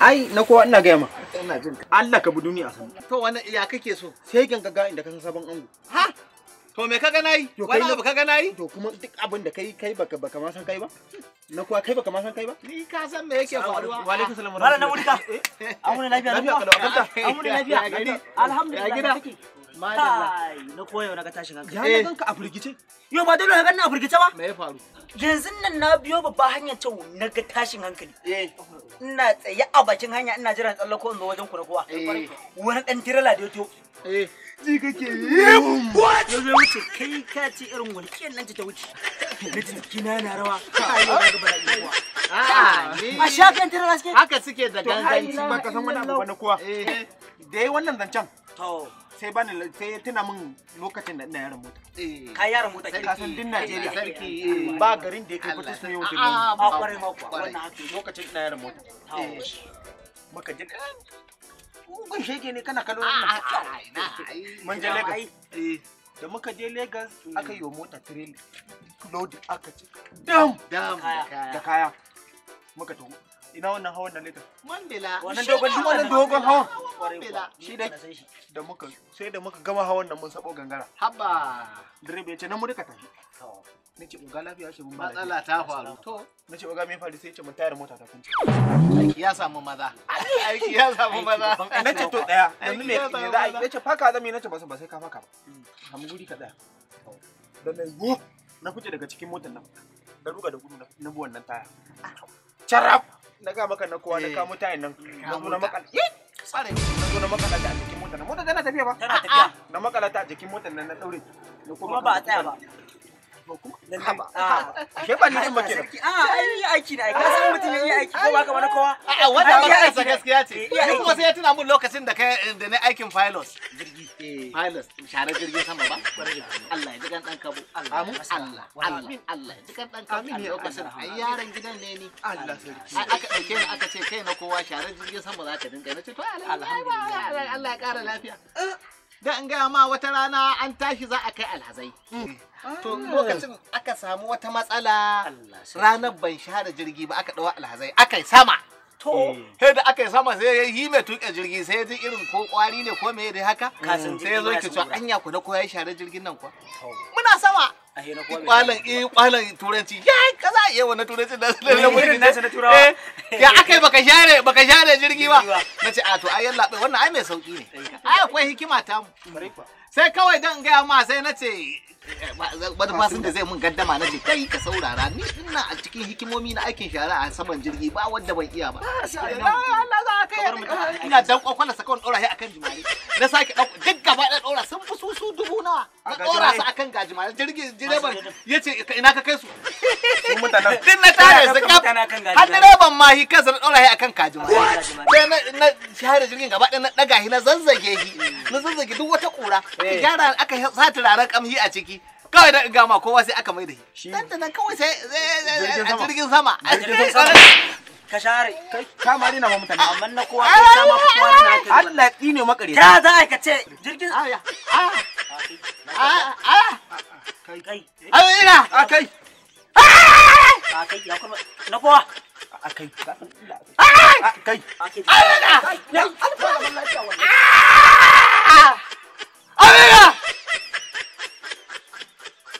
ai na kowa ina gaya ma Allah ka bi duniya sani to wannan iya kake so sai gan ga inda ka san sabon ango ha to me kaga nayi wani abu kaga nayi to kuma duk abin da kai kai baka baka ma san kai ba na baka ma san kai ni ka san me yake faruwa wa alaikum salam na amuna eh? lafiya lafiya amuna lafiya alhamdulillah Madalla. Na koyo na ga tashin hankali. Ya eh. ganka a firgice. Yo ba dole na a firgice ba. Me ya faru? Yanzu nan na biyo babba hanyar ta na ga tashin hankali. Eh. Ina tsaye a bakin hanya ina jiran tsallako in zo wajen ku na kowa. Eh. Wani dan tirala da yato. Eh. Ji kake yi. What? Yanzu wuce kai ka ce irin walƙiyar nan ta wuce. kina na rawa. Ka yi ga bala'i kuwa. Ah, a shakan tirala suke. Haka suke da ganganci. Ba ka san wani abu ba na kowa. Eh. eh. Da yi wannan zancen. To. sai bani sai ya tuna min lokacin da ina yaran mota eh. ka yaran mota sai ka din Najeriya sarki eh, eh, ba garin da yake fito sun yau da a kwarai ma kwa wannan haka lokacin ina yaran mota maka je ugun shege ne kana kallon wannan mun je Lagos da muka je Lagos hmm. aka yi wa mota trail. loading aka ci dam dam da kaya muka tafi ina wannan hawan nan later mandela wannan dogon hawan bela shi dai da muka sai da muka gama hawan nan mun sabo gangara haba direba ya ce nan mu duka tashi na ce uga lafiya shi mun ba matsala ta faru to na ce uga me faru sai ce mun tayar mota ta kunce aiki ya samu maza aiki ya samu maza na ce to daya yanzu me me za a yi ce faka zami na ce ba sai ka faka ba mm. samu guri ka daya da na zo na fice daga cikin motar nan da ruga da gudu na bi wannan taya ah. carab na ga maka na kowa na eh. kamo tayan nan na zo na makal tsare na zo na makala ta a jikin motar nan motar tana tafiya ba tana tafiya na makala jikin motar nan na daure kuma ba a tsaya ba haba ah. ke ba ni muke a ah, ai aiki na, ka san mutum yayi aiki ko ba kamar kowa a wannan ba ka gaskiya ce eh, ni kuma sai ya tuna mun lokacin da kai da ne aikin pilot jirgi eh. pilot share jirgin sama ba Allah ya jikan dan kabo Allah Allah Allah ya jikan dan kabo a lokacin ai yaron gidan ne ni Allah sarki aka dauke ni aka ce kai na kowa share jirgin sama za ka dinga na ce to alhamdulillah Allah ya kara lafiya eh. da in gaya ma wata rana an tashi za a kai alhazai. Mm. To ah. lokacin aka samu wata matsala ranar ban shahara jirgi ba aka ɗawa alhazai aka yi sama. To, eh. sai da aka yi sama sai ya yi mai tuƙe jirgi sai ji irin ko ƙwari ne ko me dai haka. Sai ya zo ki cewa anya ku da koyar share jirgin nan kuwa. Muna sama. kwalan eh kwalan eh, turanci ya kaza ya wannan turanci da lalle na turawa eh, ya akai baka share baka share jirgi ba nace a to ai yalla bai wannan ai mai sauki ne eh, ai akwai hikima ta mu sai kawai dan gaya ma sai nace wani fasin da zai mun gaddama na ce kai ka saurara ni ina a cikin hikimomi na aikin shara a saman jirgi ba wanda ban iya ba Allah za ka yi ina dan kwakwala sakon ɗora shi akan jimali na sake duk gaba ɗaya ɗora sun fi su dubu nawa na ɗora su akan gajimare jirgin direban ya ce ina ka kai su din na tare su kaf har direban ma hi kansa na ɗora shi akan gajimare sai na share jirgin gaba ɗaya na ɗaga hi na zanzage hi na zanzage duk wata ƙura aka eh. gyara aka sata turaren ƙamhi a ciki kawai da gama kowa sai aka maida da shi. dan kawai sai a jirgin sama. ka share kai ka mutane na kowa kai ka kowa na kai Allah ya tsine maka ta za ka ce jirgin aya a a kai kai ina a kai a kai ya kuma na kowa a kai a kai a kai a kai